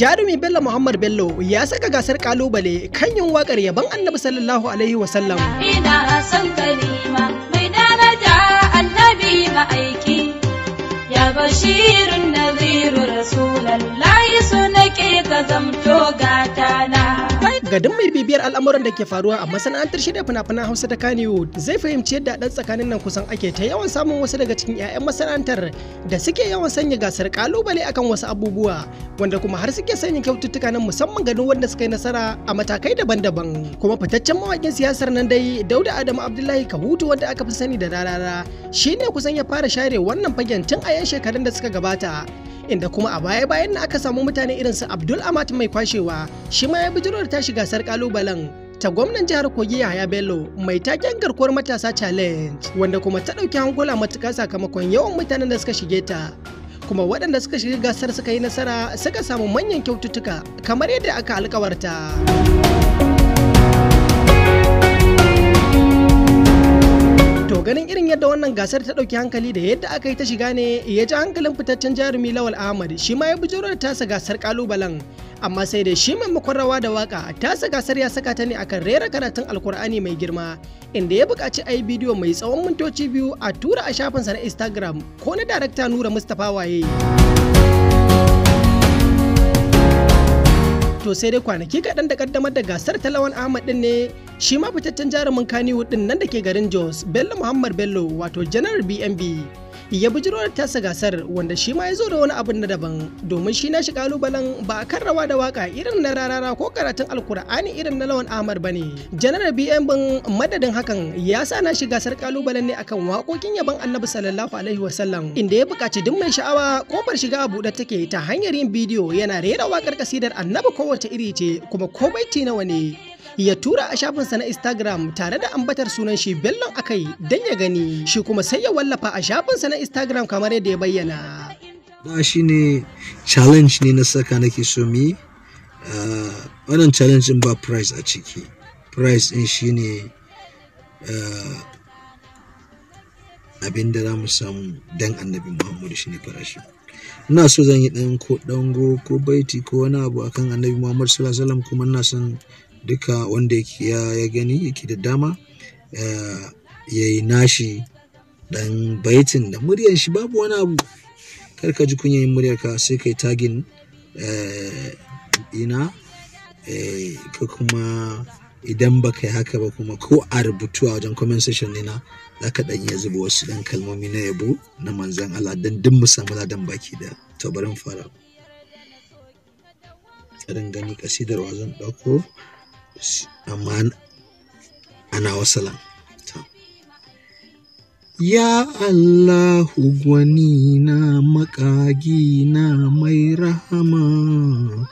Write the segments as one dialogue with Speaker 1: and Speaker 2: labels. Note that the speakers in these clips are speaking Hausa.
Speaker 1: jarumi bello muhammad bello ya saka gasar kalubale kan yin wakar yaban annabi sallallahu alaihi wasallam
Speaker 2: ina son kalima mai daraja annabi ma'aiki ya bashirin naziru rasulallahi su nake ka zamta ga
Speaker 1: duk mai bibiyar al'amuran da ke faruwa a masana'antar shirya fina-finan Hausa ta Kano zai fahimci yadda dan tsakanin nan kusan ake ta yawan samun wasu daga cikin 'ya'yan masana'antar da suke yawan sanya gasar kalubale akan wasu abubuwa wanda kuma har suke sanya kyaututtuka nan musamman ga wanda suka yi nasara a matakai daban-daban kuma fitaccen mawakin siyasar nan dai Dauda Adamu Abdullahi Kahutu wanda aka fi sani da shi shine kusan ya fara share wannan fagen tun a 'yan shekarun da suka gabata inda kuma a baya bayan na aka samu mutane irin su abdul amat mai kwashewa shi ma ya bijiro ta shiga gasar kalubalen ta gwamnan jihar kogi yahaya bello mai taken garkuwar matasa challenge wanda kuma ta ɗauki hankula matuka sakamakon yawan mutanen da suka shige ta kuma waɗanda suka shiga gasar suka yi nasara suka samu manyan kyaututtuka kamar yadda aka alkawarta. To ganin irin yadda wannan gasar ta ɗauki hankali da yadda aka yi ta shiga ne ya ji hankalin fitaccen jarumi Lawal Ahmad shi ma ya bujiro da tasa gasar kalubalen. Amma sai da shi maimakon rawa da waka tasa gasar ya saka ta ne akan rera karatun Alkur'ani mai girma inda ya buƙaci a yi bidiyo mai tsawon mintoci biyu a tura a shafinsa na Instagram ko na darakta Nura Mustapha waye. to sai dai kwanaki kaɗan da kaddamar da gasar talawan ahmad ɗin ne shi ma fitaccen jarumin kaniwood din nan da ke garin jos bello muhammad bello wato janar bnb ya bijiro tasa gasar wanda shi ma ya zo da wani abin na daban domin shi na shi kalubalen ba a kan rawa da waka irin na rarara ko karatun alkur'ani irin na lawan ahmad ne. janaral bm bin madadin hakan ya sa na shi gasar kalubalen ne akan waƙoƙin yabon annabi sallallahu alaihi wasallam inda ya buƙaci duk mai sha'awa kofar shiga a buɗe take ta hanyar yin bidiyo yana rera waƙar kasidar annabi kowace iri ce kuma ko baiti nawa ne ya tura a shafinsa na Instagram tare da ambatar sunan shi Bellon akai don ya gani shi kuma sai ya wallafa a shafinsa na Instagram kamar yadda ya bayyana.
Speaker 3: Ba shi ne challenge ne na saka nake so mu yi. Ah, wannan challenge ba price a ciki. Price ɗin shi ne ah, abin da za mu samu dan annabi Muhammadu shi ne farashi. ina so zan yi ɗan ko ɗango ko baiti ko wani abu akan annabi muhammad sallallahu alaihi wasallam kuma ina son duka wanda ya gani yake da dama eh, ya yi nashi dan baitin da muryar shi babu wani abu kar ka ji kunyayin muryar ka sai kai tagin eh, ina eh, ka kuma idan ba kai haka ba kuma ko a rubutu a wajen comment section nina za ka ɗan iya zuba wasu dan kalmomi na yabo na manzan Allah dan duk mu samu ladan baki da tabarin fara. Tsarin gani kasidar wazan dauko. amma ana Ya Allahu gwani na makagi na mai rahama,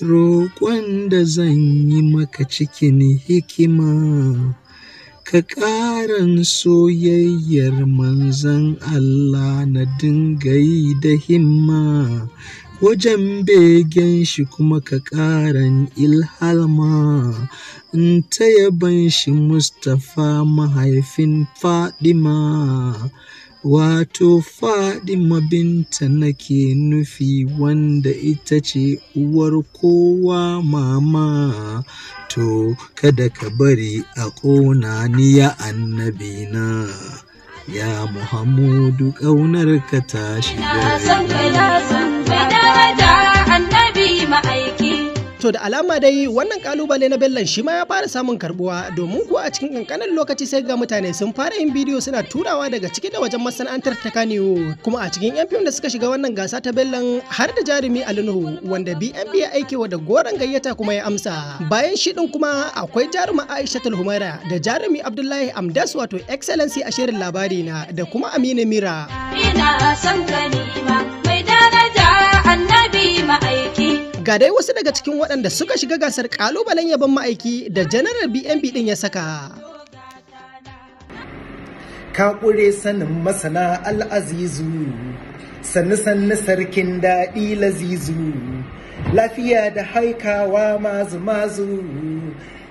Speaker 3: roƙon da zan yi maka cikin hikima, ka ƙaran soyayyar manzan Allah na dinga da himma. wajen begen shi kuma ka ƙaran ilhama in ta yaban shi mustapha mahaifin fadima wato fadima binta nake nufi wanda ita ce uwar kowa mama to kada ka bari a ƙona ni ya annabi ya Muhammadu ƙaunarka ta
Speaker 1: shiga. Na
Speaker 2: san ka na
Speaker 1: To da alama dai wannan kalubale na Bellan shi ma ya fara samun karbuwa domin kuwa a cikin kankanin lokaci sai ga mutane sun fara yin bidiyo suna turawa daga ciki da wajen masana'antar ta Kanewo kuma a cikin yan fim da suka shiga wannan gasa ta Bellan har da jarumi Alinuhu wanda BNB ya aike wa da goron gayyata kuma ya amsa. Bayan shi din kuma akwai jarumin Aisha Humaira da jarumi Abdullahi Amdas wato Excellency a shirin labari na da kuma Aminu Mira.
Speaker 2: Ina son
Speaker 1: Ga dai wasu daga cikin waɗanda suka shiga gasar ƙalubalen yabon ma'aiki da janaral BNB ɗin ya saka.
Speaker 4: Ka ƙure sanin masana al'azizu, sannu sannu sarkin daɗi lazizu, lafiya da haikawa mazu mazu,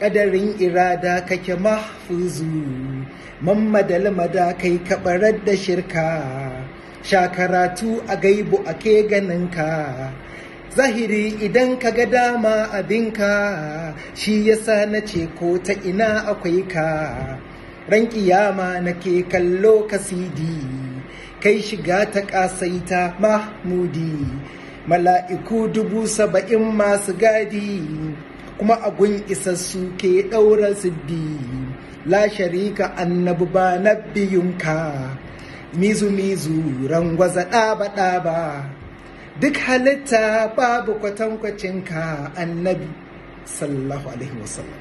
Speaker 4: ƙadarin irada kake mahfuzu, mamma da lamada kai kaɓarar da shirka, Shakaratu a gaibu a ke ganinka. zahiri idan ka ga dama abinka shi yasa na ce ko ta ina akwai ka ran kiyama ke kallo ka sidi kai shiga ta kasaita mahmudi mala'iku dubu saba'in masu gadi kuma agun isassu ke ɗaura siddi la sharika Annabu ba na biyunka mizu mizu rangwaza ɗaba ɗaba duk halitta babu kwatankwacinka annabi sallallahu alaihi wasallam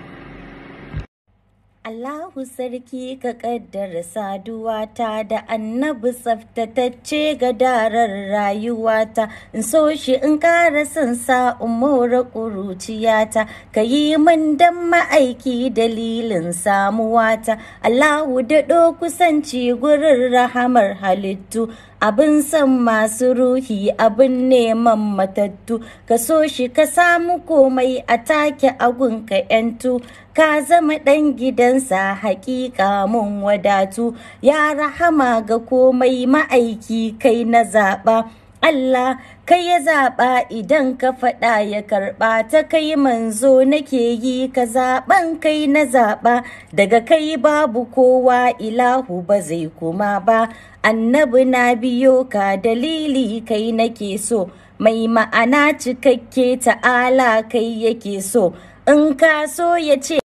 Speaker 2: Allahu sarki ka kaddara saduwata da annabi tsaftatacce ga darar rayuwata in so shi in ƙara son sa umura ƙuruciyata ka yi min dan ma'aiki dalilin samuwata Allahu daɗo kusanci gurin rahamar halittu abin son masu ruhi abin neman matattu ka so shi ka samu komai a take agun ka yantu ka zama ɗan gidansa haƙiƙa mun wadatu ya rahama ga komai ma'aiki kai na zaɓa Allah kai ya zaɓa idan ka faɗa ya karɓa ta kai manzo nake yi ka zaɓan kai na zaɓa daga kai babu kowa ilahu ba zai kuma ba annabi na biyo ka dalili kai nake so mai ma'ana cikakke ta'ala kai yake so in ka so ya ce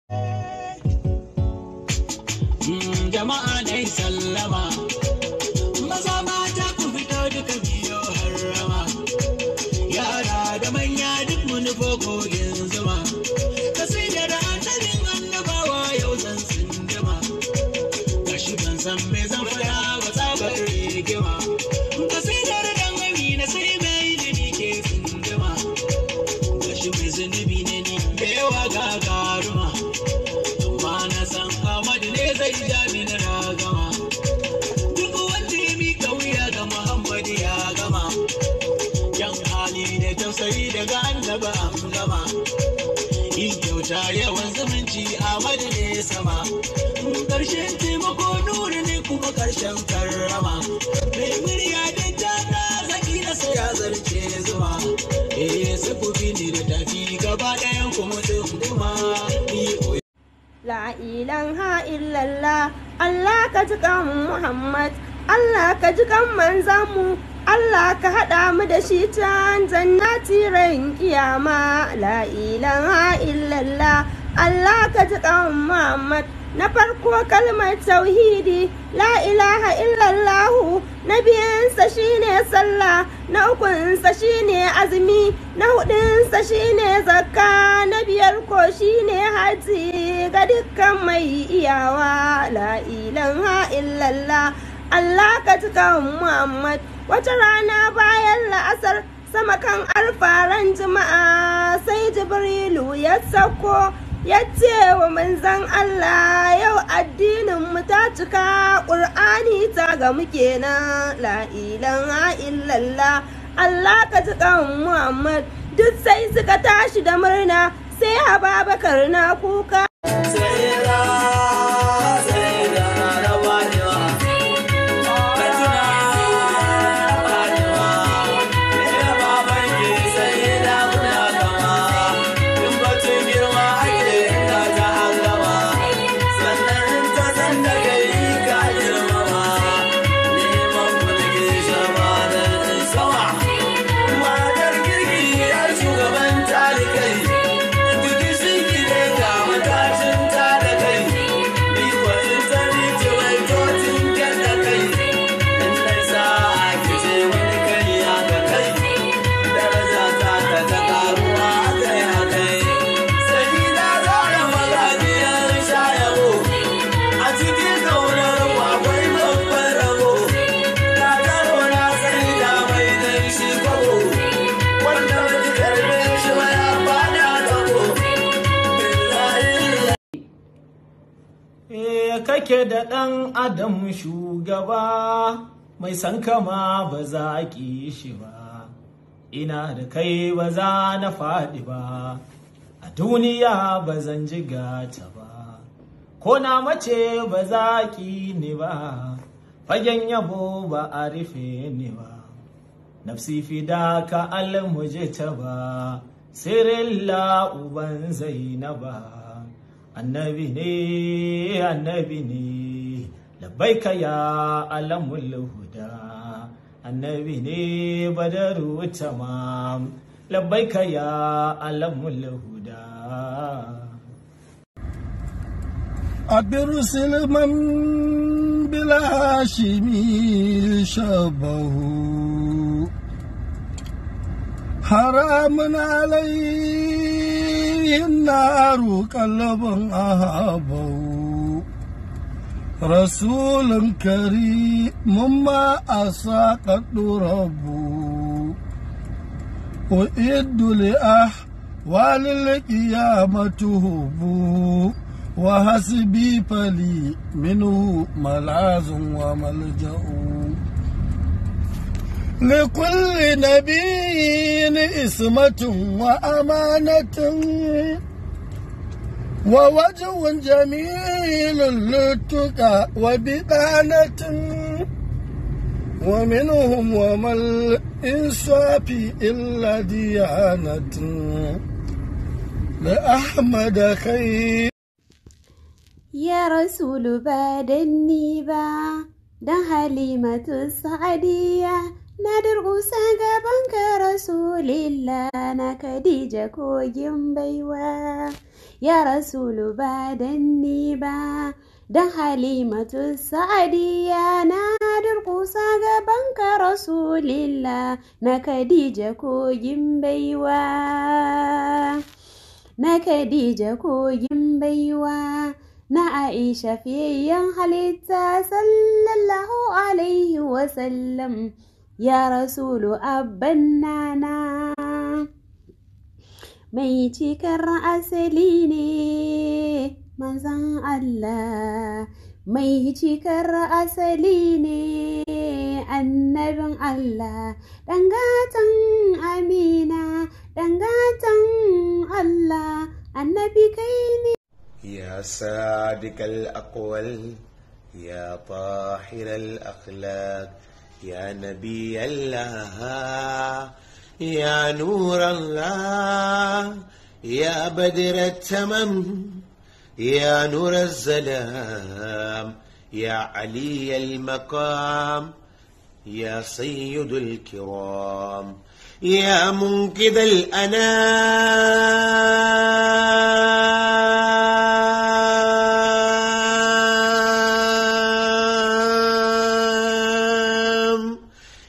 Speaker 5: hmm, jama'a dai sallama me zan faɗa ba tsabar rigima kasidar dan amina sai mai ilimi ke tsindima gashi mai zunubi ne ni da yawa gagaruma amma na san amadu ne zai ja na min ragama duk wanda ya mi kauya ga muhammadu ya gama yan hali da tausayi da annaba an gama sauki kyauta yawan zumunci a ne sama ƙarshen taimako nuri ne kuma ƙarshen karrama mai murya da jana zaki na saya zarce zuwa eh sukufi ni da tafi gaba ɗayan kuma dunduma
Speaker 6: La ilaha illallah Allah ka ji kan Muhammad Allah ka ji kan manzanmu Allah ka haɗa mu da shi ta jannati rain kiyama la ilaha illallah Allah ka ji ƙawon Muhammad na farko kalmar tauhidi la ilaha illallahu na biyunsa shine sallah na ukunsa shine azumi na hudunsa shine zakka na biyar ko shine haji ga dukkan mai iyawa la ilaha illallah Allah ka ji ƙawon Muhammad wata rana bayan la'asar sama kan arfa juma'a jima'a sai jibrilu ya sako ya ce wa manzan Allah yau addinin ta cika ƙur'ani ta ga muke na. la'ilan ha'illallah Allah ka ji Muhammad duk sai suka tashi da murna sai bakar na kuka
Speaker 5: e kake da ɗan adam shugaba mai san kama ba za ki shi ba ina da kai ba za na faɗi ba a duniya ba zan ji gata ba ko na mace ba za ki ni ba fagen yabo ba a rufe ni ba nafsi fida ka almuje ta ba sirilla uban zainaba annabi ne annabi ne labbaika ya alamul huda annabi ne badaru tamam labbaika ya alamul huda أبرسل من بالهاشم شبه حرام عليه هذه النار قلبا أهابه رسول كريم ما أساقط ربه أعد لأحوال القيامة هبوه وحسبي فلي منه ملعز وملجأ لكل نبي اسمة وأمانة ووجه جميل للتقى وبقانة ومنهم وما الإنساب إلا ديانة لأحمد خير
Speaker 6: يا رسول بعد النيبا ده حليمة السعدية na durƙusa gaban ka rasulillah na khadija kogin baiwa ya rasulu ba dan ba dan halimatu sa'adiya na durƙusa gaban ka rasulillah na khadija kogin baiwa na khadija kogin baiwa na aisha fiyayyen halitta sallallahu alaihi wasallam يا رسول أبا النعنع ميتك الرأس ليني منزان الله ميتك الرأس ليني النبي الله دنغاتا أمينا دنغاتا الله النبي كيني
Speaker 4: يا صادق الأقوال يا طاهر الأخلاق يا نبي الله يا نور الله يا بدر التمم يا نور الزلام يا علي المقام يا سيد الكرام يا منقذ الأنام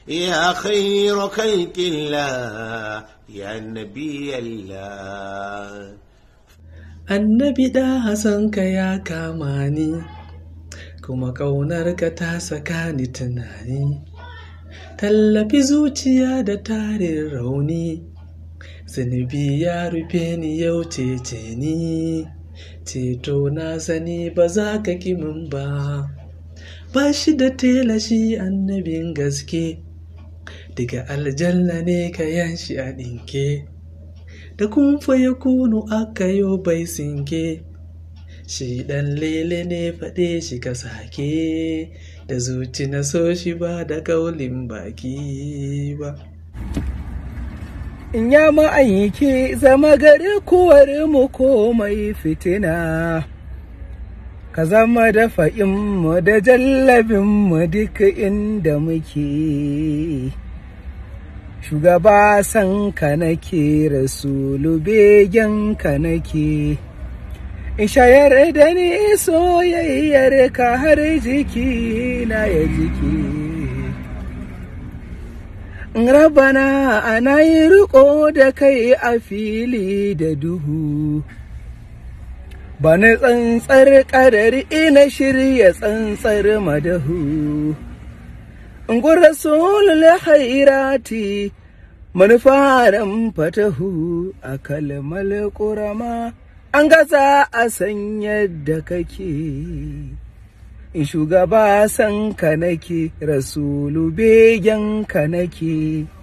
Speaker 4: يا خير خلق الله يا نبي الله
Speaker 3: annabi da hasanka ya kama ni kuma ƙaunarka ta saka ni tunani tallafi zuciya da tarin rauni zunubi ya rufe ni yau cece ni ceto na sani ba za ka min ba ba shi da tela shi annabin gaske daga aljanna ne ka yanshi a ɗinke da kun ya kunu aka yo bai sinke shi ɗan lele ne faɗe shi ka sake da zuci na so shi ba da kaulin baki ba
Speaker 5: in ya ma'aiki zama gari kuwar mu mai fitina ka zama da mu da jallabinmu duk inda muke shugaba san ka nake rasulu begen ka nake in shayar da ni soyayyar ka har jiki na ya jiki rabana ana yi riko da kai a fili da duhu ba na tsantsar kadari ina shirya tsantsar madahu rasulul hairati manufaran fatahu a kalmal ƙurama an gaza a san yadda kake in shugaba san ka nake rasulu begen ka nake